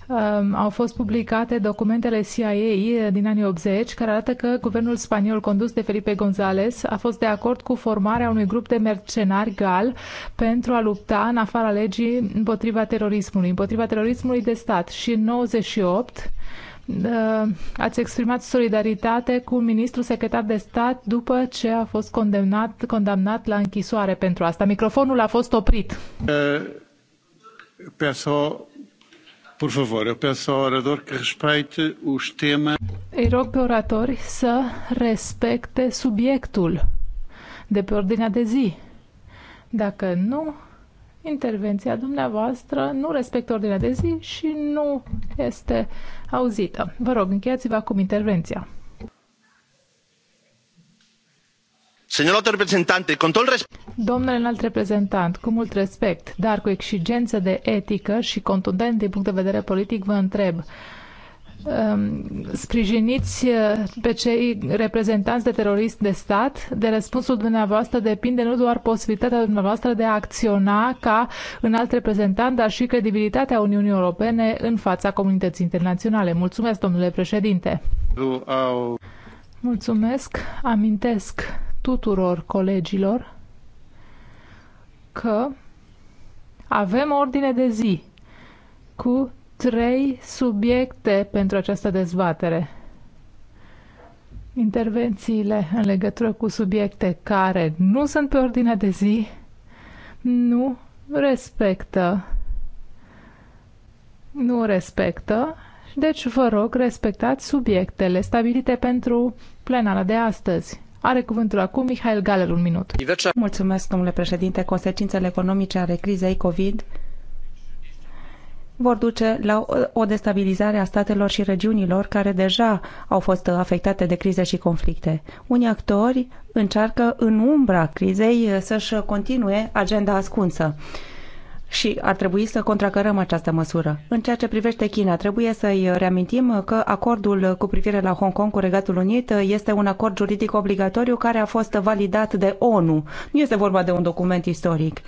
Speaker 2: um, au fost publicate documentele CIA din anii 80 care arată că guvernul spaniol condus de Felipe González a fost de acord cu formarea unui grup de mercenari gal pentru a lupta în afara legii împotriva terorismului, împotriva terorismului de stat și în 98 Uh, ați exprimat solidaritate cu ministrul secretar de stat după ce a fost condamnat, condamnat la închisoare pentru asta. Microfonul a fost oprit.
Speaker 1: Uh, peço, por favor, eu peço ao orador que respeite os temas.
Speaker 2: Îi rog pe oratori să respecte subiectul de pe ordinea de zi. Dacă nu, intervenția dumneavoastră nu respectă ordinea de zi și nu este auzită. Vă rog, încheiați-vă acum intervenția. Domnule înalt reprezentant, cu mult respect, dar cu exigență de etică și contundent din punct de vedere politic, vă întreb Um, sprijiniți uh, pe cei reprezentanți de teroriști de stat, de răspunsul dumneavoastră depinde nu doar posibilitatea dumneavoastră de a acționa ca în alt reprezentant, dar și credibilitatea Uniunii Europene în fața comunității internaționale. Mulțumesc, domnule președinte! Mulțumesc, amintesc tuturor colegilor că avem ordine de zi cu trei subiecte pentru această dezbatere. Intervențiile în legătură cu subiecte care nu sunt pe ordinea de zi nu respectă nu respectă deci vă rog respectați subiectele stabilite pentru plenara de astăzi. Are
Speaker 4: cuvântul acum Mihail Galer, un minut. Mulțumesc, domnule președinte. Consecințele economice ale crizei COVID vor duce la o destabilizare a statelor și regiunilor care deja au fost afectate de crize și conflicte. Unii actori încearcă în umbra crizei să-și continue agenda ascunsă și ar trebui să contracărăm această măsură. În ceea ce privește China, trebuie să-i reamintim că acordul cu privire la Hong Kong cu Regatul Unit este un acord juridic obligatoriu care a fost validat de ONU. Nu este vorba de un document istoric.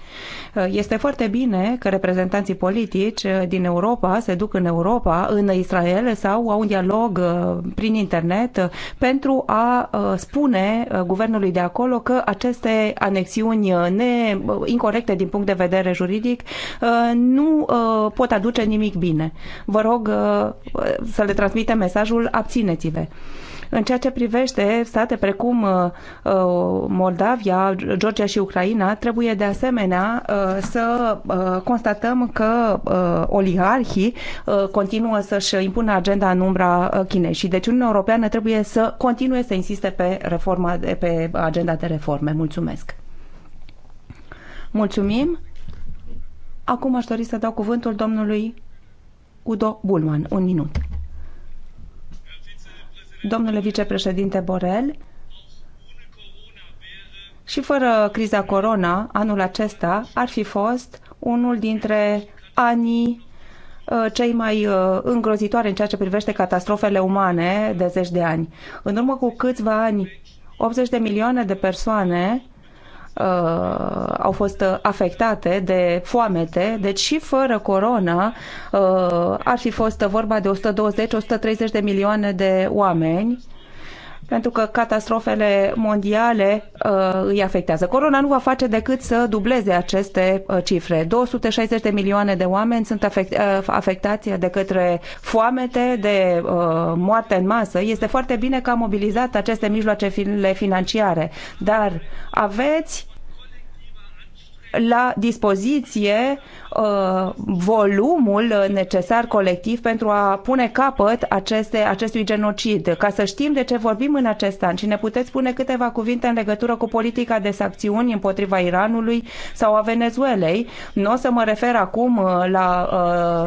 Speaker 4: Este foarte bine că reprezentanții politici din Europa se duc în Europa, în Israel sau au un dialog uh, prin internet pentru a uh, spune uh, guvernului de acolo că aceste anexiuni ne, incorrecte din punct de vedere juridic Uh, nu uh, pot aduce nimic bine. Vă rog uh, să le transmitem mesajul abțineți-vă. În ceea ce privește state precum Moldavia, Georgia și Ucraina, trebuie de asemenea să constatăm că oligarhii continuă să-și impună agenda în umbra Chinei și deci Uniunea Europeană trebuie să continue să insiste pe, reforma, pe agenda de reforme. Mulțumesc! Mulțumim! Acum aș dori să dau cuvântul domnului Udo Bulman. Un minut. Domnule vicepreședinte Borel, și fără criza corona, anul acesta ar fi fost unul dintre anii uh, cei mai uh, îngrozitoare în ceea ce privește catastrofele umane de zeci de ani. În urmă cu câțiva ani, 80 de milioane de persoane uh, au fost afectate de foamete, deci și fără corona uh, ar fi fost vorba de 120-130 de milioane de oameni pentru că catastrofele mondiale uh, îi afectează. Corona nu va face decât să dubleze aceste uh, cifre. 260 de milioane de oameni sunt afect, uh, afectați de către foamete, de uh, moarte în masă. Este foarte bine că a mobilizat aceste mijloace financiare, dar aveți la dispoziție uh, volumul necesar colectiv pentru a pune capăt aceste, acestui genocid, ca să știm de ce vorbim în acest an și ne puteți spune câteva cuvinte în legătură cu politica de sancțiuni împotriva Iranului sau a Venezuelei. Nu o să mă refer acum uh, la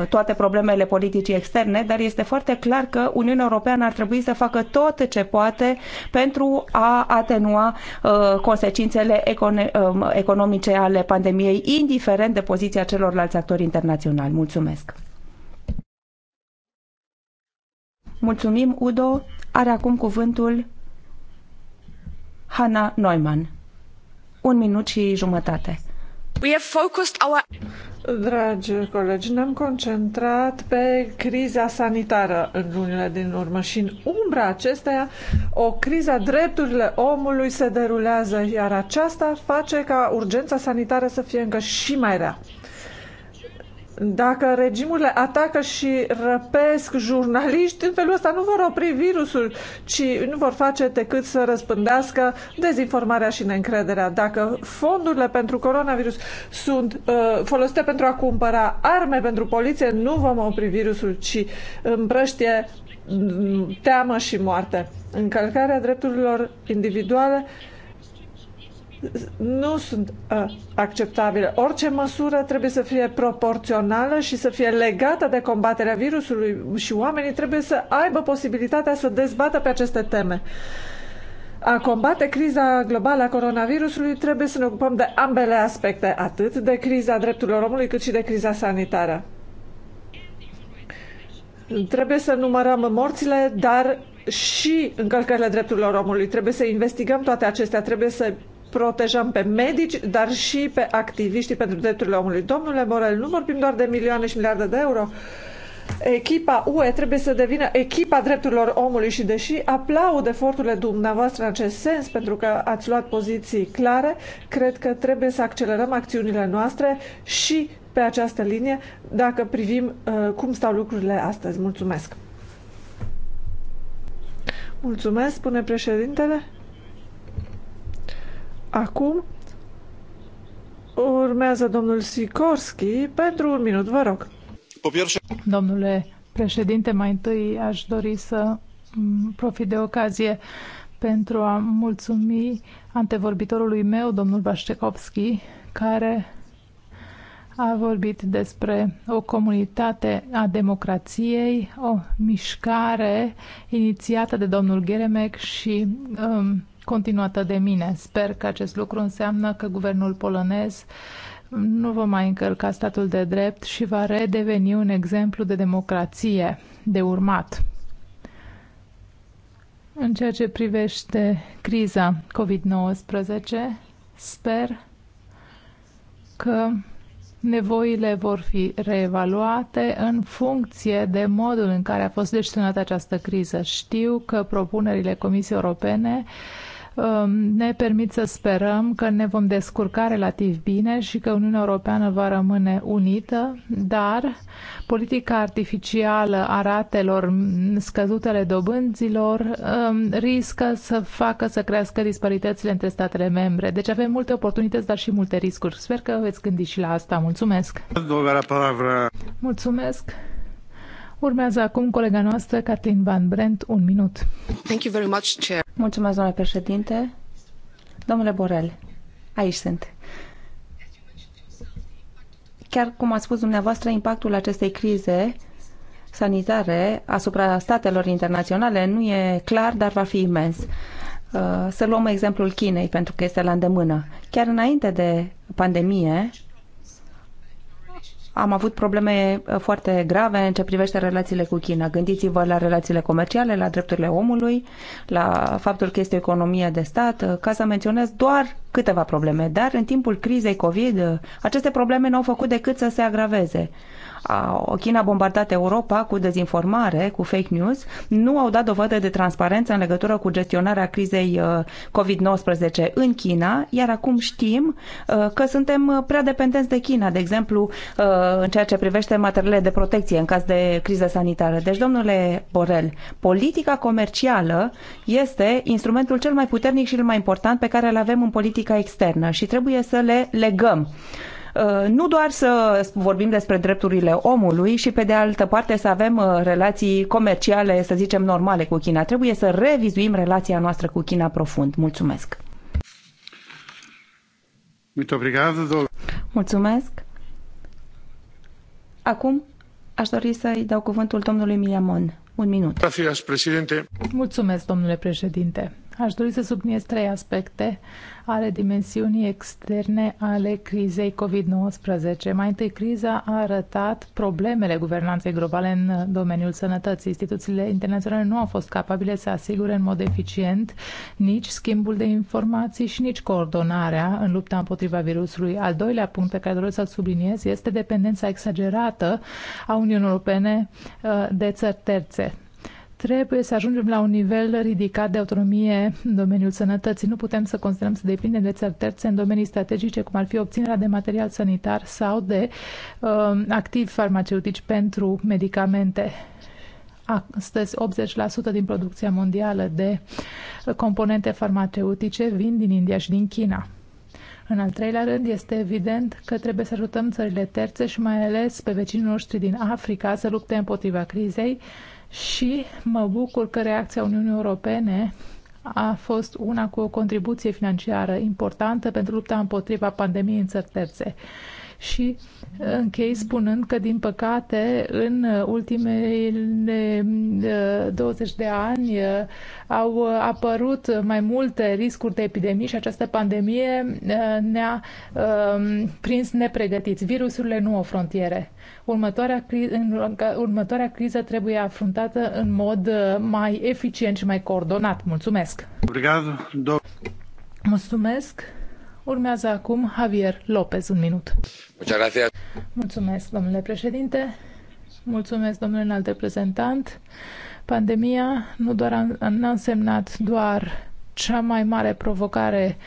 Speaker 4: uh, toate problemele politicii externe, dar este foarte clar că Uniunea Europeană ar trebui să facă tot ce poate pentru a atenua uh, consecințele uh, economice ale pandemiei, indiferent de poziția celorlalți actori internaționali. Mulțumesc! Mulțumim, Udo. Are acum cuvântul Hanna Neumann. Un minut și jumătate.
Speaker 3: We have focused our... Dragi colegi, ne-am concentrat pe criza sanitară în lunile din urmă și în umbra acesteia o criza drepturile omului se derulează, iar aceasta face ca urgența sanitară să fie încă și mai rea. Dacă regimurile atacă și răpesc jurnaliști, în felul ăsta nu vor opri virusul, ci nu vor face decât să răspândească dezinformarea și neîncrederea. Dacă fondurile pentru coronavirus sunt uh, folosite pentru a cumpăra arme pentru poliție, nu vom opri virusul, ci împrăștie mm, teamă și moarte. Încălcarea drepturilor individuale uh, nu sunt uh, acceptabile. Orice măsură trebuie să fie proporțională și să fie legată de combaterea virusului și oamenii trebuie să aibă posibilitatea să dezbată pe aceste teme. A combate criza globală a coronavirusului trebuie să ne ocupăm de ambele aspecte, atât de criza drepturilor omului cât și de criza sanitară. Trebuie să numărăm morțile, dar și încălcările drepturilor omului. Trebuie să investigăm toate acestea, trebuie să protejăm pe medici, dar și pe activiștii pentru drepturile omului. Domnule Morel, nu vorbim doar de milioane și miliarde de euro. Echipa UE trebuie să devină echipa drepturilor omului și deși aplaud eforturile dumneavoastră în acest sens pentru că ați luat poziții clare, cred că trebuie să accelerăm acțiunile noastre și pe această linie dacă privim uh, cum stau lucrurile astăzi. Mulțumesc! Mulțumesc, spune președintele. Acum urmează domnul Sikorski pentru un minut, vă rog.
Speaker 2: Domnule președinte, mai întâi aș dori să mm, profit de ocazie pentru a mulțumi antevorbitorului meu, domnul Vaștekovski, care a vorbit despre o comunitate a democrației, o mișcare inițiată de domnul Geremec și um, continuată de mine. Sper că acest lucru înseamnă că guvernul polonez nu va mai încălca statul de drept și va redeveni un exemplu de democrație de urmat. În ceea ce privește criza COVID-19, sper că nevoile vor fi reevaluate în funcție de modul în care a fost gestionată această criză. Știu că propunerile Comisiei Europene uh, Um, ne permit să sperăm că ne vom descurca relativ bine și că Uniunea Europeană va rămâne unită, dar politica artificială a ratelor scăzutele dobânzilor um, riscă să facă să crească disparitățile între statele membre. Deci avem multe oportunități, dar și multe riscuri. Sper că veți gândi și la asta. Mulțumesc! Mulțumesc! Urmează acum colega noastră,
Speaker 4: Catherine Van Brent, un minut.
Speaker 3: Thank you very much, Chair.
Speaker 4: Mulțumesc, domnule președinte. Domnule Borel, aici sunt. Chiar cum a spus dumneavoastră, impactul acestei crize sanitare asupra statelor internaționale nu e clar, dar va fi imens. Uh, să luăm exemplul Chinei, pentru că este la îndemână. Chiar înainte de pandemie, am avut probleme uh, foarte grave în ce privește relațiile cu China. Gândiți-vă la relațiile comerciale, la drepturile omului, la faptul că este o economie de stat, uh, ca să menționez doar câteva probleme. Dar în timpul crizei COVID, uh, aceste probleme nu au făcut decât să se agraveze. China a bombardat Europa cu dezinformare, cu fake news, nu au dat dovadă de transparență în legătură cu gestionarea crizei uh, COVID-19 în China, iar acum știm uh, că suntem uh, prea dependenți de China, de exemplu, în ceea ce privește materiale de protecție în caz de criză sanitară. Deci, domnule Borel, politica comercială este instrumentul cel mai puternic și cel mai important pe care îl avem în politica externă și trebuie să le legăm. Uh, nu doar să vorbim despre drepturile omului și pe de altă parte să avem uh, relații comerciale, să zicem, normale cu China. Trebuie să revizuim relația noastră cu China profund. Mulțumesc! Mulțumesc! Acum aș dori să-i dau cuvântul domnului Miliamon. Un minut.
Speaker 2: Mulțumesc, domnule președinte. Aș dori să subliniez trei aspecte ale dimensiunii externe ale crizei COVID-19. Mai întâi, criza a arătat problemele guvernanței globale în domeniul sănătății. Instituțiile internaționale nu au fost capabile să asigure în mod eficient nici schimbul de informații și nici coordonarea în lupta împotriva virusului. Al doilea punct pe care doresc să-l subliniez este dependența exagerată a Uniunii Europene uh, de țări terțe Trebuie să ajungem la un nivel ridicat de autonomie în domeniul sănătății. Nu putem să considerăm să depindem de țări terțe în domenii strategice, cum ar fi obținerea de material sanitar sau de uh, activi farmaceutici pentru medicamente astăzi 80% din producția mondială de componente farmaceutice vin din India și din China. În al treilea rând, este evident că trebuie să ajutăm țările terțe și mai ales pe vecinii noștri din Africa să lupte împotriva crizei, și mă bucur că reacția Uniunii Europene a fost una cu o contribuție financiară importantă pentru lupta împotriva pandemiei în țări terțe și uh, închei spunând că, din păcate, în ultimele 20 uh, de ani uh, au apărut mai multe riscuri de epidemii și această pandemie ne-a um, prins nepregătiți. Virusurile nu au frontiere. Următoarea, cri- următoarea criză trebuie afruntată în mod mai eficient și mai coordonat. Mulțumesc! Mulțumesc! Urmează acum Javier López, un minut. Mulțumesc, domnule președinte. Mulțumesc, domnule înalt reprezentant. Pandemia nu doar a, a însemnat doar cea mai mare provocare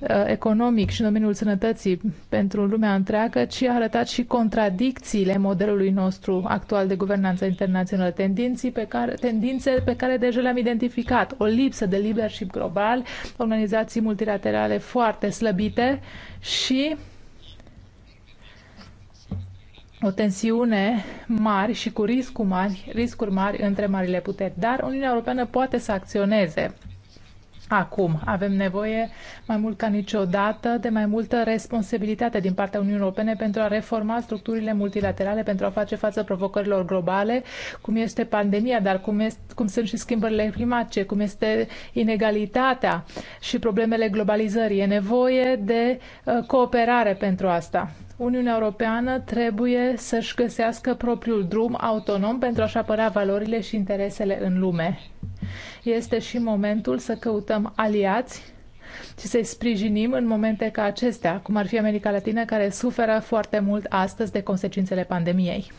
Speaker 2: Uh, economic și în domeniul sănătății pentru lumea întreagă, ci a arătat și contradicțiile modelului nostru actual de guvernanță internațională, tendinții pe care, tendințe pe care deja le-am identificat, o lipsă de leadership global, organizații multilaterale foarte slăbite și o tensiune mari și cu riscuri mari, riscuri mari între marile puteri. Dar Uniunea Europeană poate să acționeze acum. Avem nevoie mai mult ca niciodată de mai multă responsabilitate din partea Uniunii Europene pentru a reforma structurile multilaterale, pentru a face față provocărilor globale, cum este pandemia, dar cum, este, cum sunt și schimbările climatice, cum este inegalitatea și problemele globalizării. E nevoie de uh, cooperare pentru asta. Uniunea Europeană trebuie să-și găsească propriul drum autonom pentru a-și apăra valorile și interesele în lume. Este și momentul să căutăm aliați și să-i sprijinim în momente ca acestea, cum ar fi America Latină, care suferă foarte mult astăzi de consecințele pandemiei.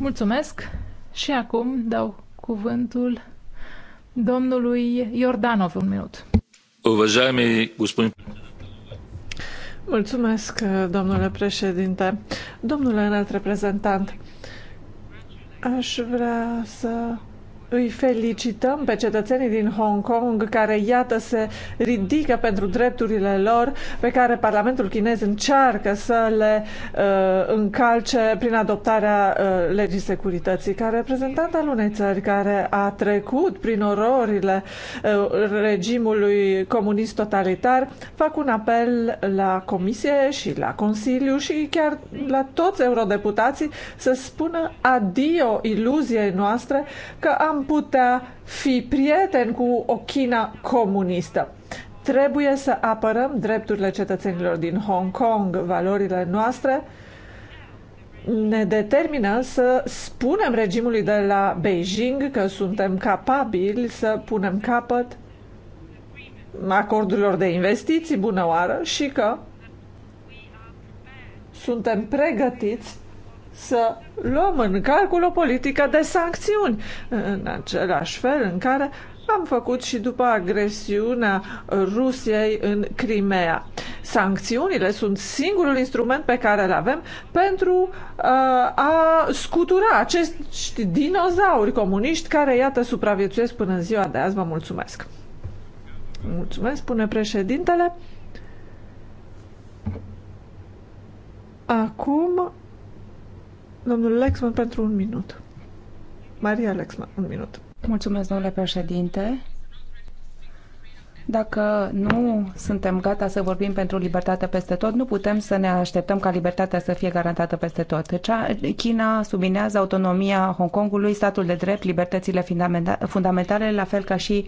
Speaker 2: Mulțumesc și acum dau cuvântul domnului Iordanov un minut.
Speaker 1: Уважаеми
Speaker 2: господин...
Speaker 3: Mulțumesc, domnule președinte. Domnule înalt reprezentant, aș vrea să îi felicităm pe cetățenii din Hong Kong care, iată, se ridică pentru drepturile lor pe care Parlamentul chinez încearcă să le uh, încalce prin adoptarea uh, legii securității. Ca reprezentant al unei țări care a trecut prin ororile uh, regimului comunist totalitar, fac un apel la Comisie și la Consiliu și chiar la toți eurodeputații să spună adio iluziei noastre că am am putea fi prieteni cu o China comunistă. Trebuie să apărăm drepturile cetățenilor din Hong Kong, valorile noastre ne determină să spunem regimului de la Beijing că suntem capabili să punem capăt acordurilor de investiții bună oară și că suntem pregătiți să luăm în calcul o politică de sancțiuni, în același fel în care am făcut și după agresiunea Rusiei în Crimea. Sancțiunile sunt singurul instrument pe care îl avem pentru uh, a scutura acești dinozauri comuniști care, iată, supraviețuiesc până în ziua de azi. Vă mulțumesc! Mulțumesc, spune președintele. Acum Domnul Lexman pentru un minut. Maria Lexman, un minut.
Speaker 4: Mulțumesc, domnule președinte. Dacă nu suntem gata să vorbim pentru libertate peste tot, nu putem să ne așteptăm ca libertatea să fie garantată peste tot. China subinează autonomia Hong Kongului, statul de drept, libertățile fundamentale, la fel ca și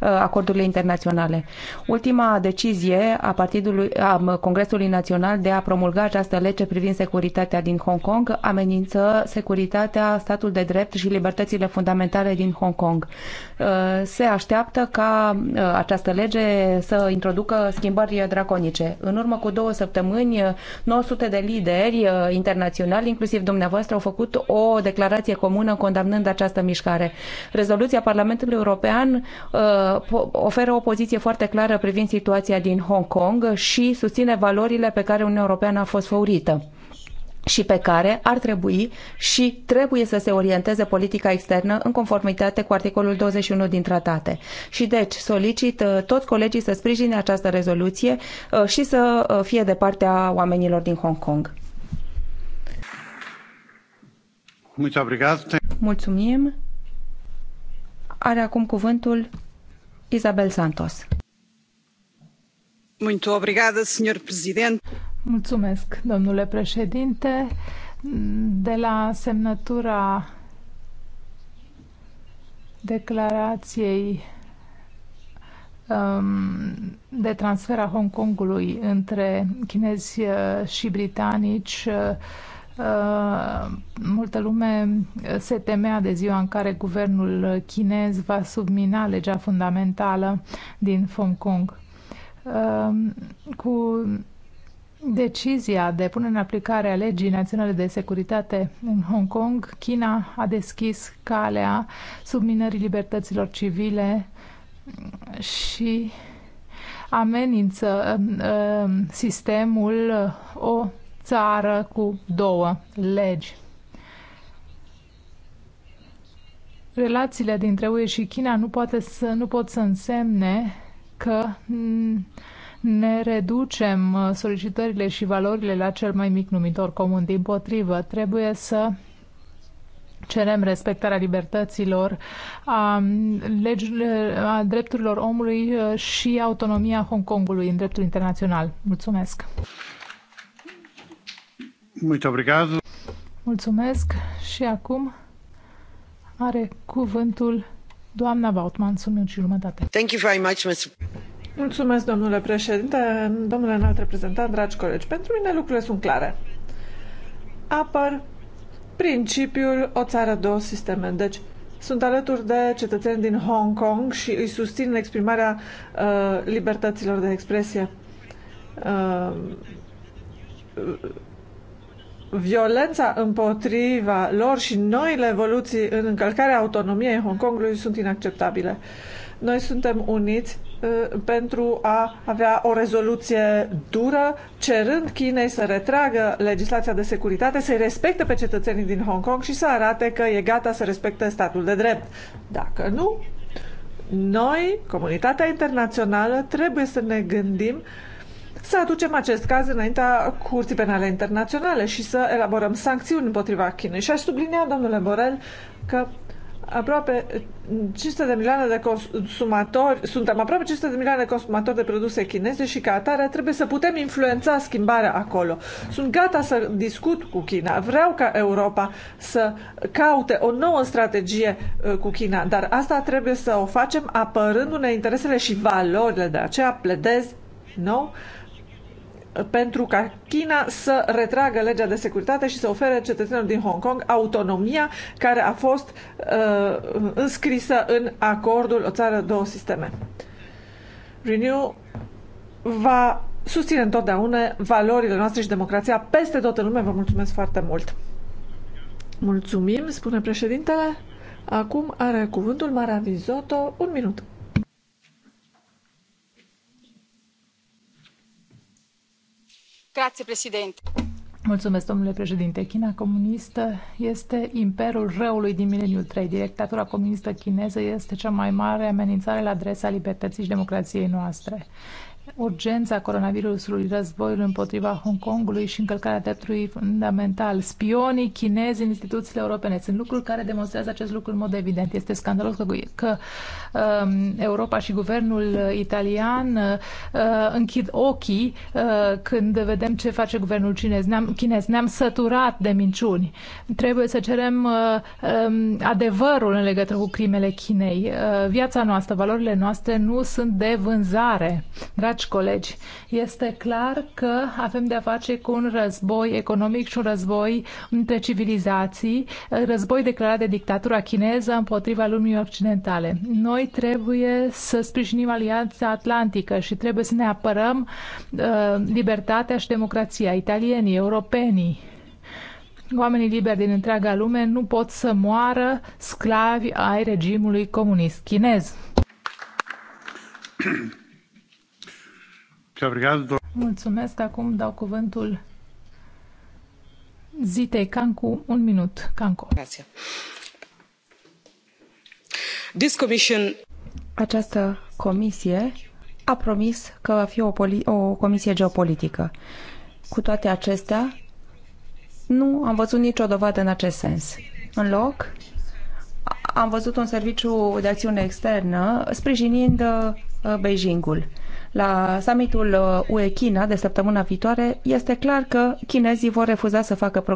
Speaker 4: uh, acordurile internaționale. Ultima decizie a, partidului, a Congresului Național de a promulga această lege privind securitatea din Hong Kong amenință securitatea, statul de drept și libertățile fundamentale din Hong Kong. Uh, se așteaptă ca uh, această lege să introducă schimbări draconice. În urmă cu două săptămâni, 900 de lideri uh, internaționali, inclusiv dumneavoastră, au făcut o declarație comună condamnând această mișcare. Rezoluția Parlamentului European uh, oferă o poziție foarte clară privind situația din Hong Kong și susține valorile pe care Uniunea Europeană a fost făurită și pe care ar trebui și trebuie să se orienteze politica externă în conformitate cu articolul 21 din tratate. Și deci solicit uh, toți colegii să sprijine această rezoluție uh, și să uh, fie de partea oamenilor din Hong Kong. Mulțumim. Are acum cuvântul Isabel Santos.
Speaker 3: Muito obrigada, Sr. Presidente.
Speaker 2: Mulțumesc, domnule președinte. De la semnătura declarației um, de transfer a Hong Kongului între chinezi uh, și britanici. Uh, uh, multă lume se temea de ziua în care guvernul chinez va submina legea fundamentală din Hong Kong. Um, cu decizia de punere în aplicare a legii naționale de securitate în Hong Kong, China a deschis calea subminării libertăților civile și amenință um, um, sistemul uh, o țară cu două legi. Relațiile dintre UE și China nu, poate să, nu pot să însemne că mm, ne reducem uh, solicitările și valorile la cel mai mic numitor comun. Din potrivă, trebuie să cerem respectarea libertăților, a, legi, a drepturilor omului uh, și autonomia Hong Kongului în dreptul internațional. Mulțumesc!
Speaker 1: Muito obrigado.
Speaker 2: Mulțumesc și acum are cuvântul doamna Bautman, sunt minut și jumătate.
Speaker 3: Thank you very much, Mr. Mulțumesc, domnule președinte, domnule înalt reprezentant, dragi colegi. Pentru mine lucrurile sunt clare. Apăr principiul o țară, două sisteme. Deci, sunt alături de cetățeni din Hong Kong și îi susțin exprimarea uh, libertăților de expresie. Uh, violența împotriva lor și noile evoluții în încălcarea autonomiei Hong Kongului sunt inacceptabile. Noi suntem uniți Uh, pentru a avea o rezoluție dură, cerând Chinei să retragă legislația de securitate, să-i respecte pe cetățenii din Hong Kong și să arate că e gata să respecte statul de drept. Dacă nu, noi, comunitatea internațională, trebuie să ne gândim să aducem acest caz înaintea Curții Penale Internaționale și să elaborăm sancțiuni împotriva Chinei. Și aș sublinia, domnule Borel, că aproape 500 de milioane de consumatori, suntem aproape 500 de milioane de consumatori de produse chineze și ca atare trebuie să putem influența schimbarea acolo. Sunt gata să discut cu China. Vreau ca Europa să caute o nouă strategie uh, cu China, dar asta trebuie să o facem apărându-ne interesele și valorile. De aceea pledez nou pentru ca China să retragă legea de securitate și să ofere cetățenilor din Hong Kong autonomia care a fost uh, înscrisă în acordul O țară, două sisteme. Renew va susține întotdeauna valorile noastre și democrația peste tot în lume. Vă mulțumesc foarte mult! Mulțumim, spune președintele. Acum are cuvântul Maravizoto un minut.
Speaker 2: Grazie, Presidente.
Speaker 3: Mulțumesc, domnule președinte.
Speaker 2: China comunistă este imperul răului din mileniul 3. Dictatura comunistă chineză este cea mai mare amenințare la adresa libertății și democrației noastre urgența coronavirusului, războiul împotriva Hong Kongului și încălcarea dreptului fundamental, spionii chinezi în instituțiile europene. Sunt lucruri care demonstrează acest lucru în mod evident. Este scandalos că, că um, Europa și guvernul italian uh, închid ochii uh, când vedem ce face guvernul chinez. Ne-am, chinez. ne-am săturat de minciuni. Trebuie să cerem uh, um, adevărul în legătură cu crimele Chinei. Uh, viața noastră, valorile noastre nu sunt de vânzare. Dragi dragi colegi, este clar că avem de-a face cu un război economic și un război între civilizații, război declarat de dictatura chineză împotriva lumii occidentale. Noi trebuie să sprijinim Alianța Atlantică și trebuie să ne apărăm uh, libertatea și democrația, italienii, europenii, oamenii liberi din întreaga lume nu pot să moară sclavi ai regimului comunist chinez. Mulțumesc. Acum dau cuvântul Zitei Cancu. Un minut, Canco.
Speaker 4: This commission... Această comisie a promis că va fi o, o comisie geopolitică. Cu toate acestea, nu am văzut nicio dovadă în acest sens. În loc, am văzut un serviciu de acțiune externă sprijinind uh, Beijingul la summitul uh, UE China de săptămâna viitoare, este clar că chinezii vor refuza să facă progrese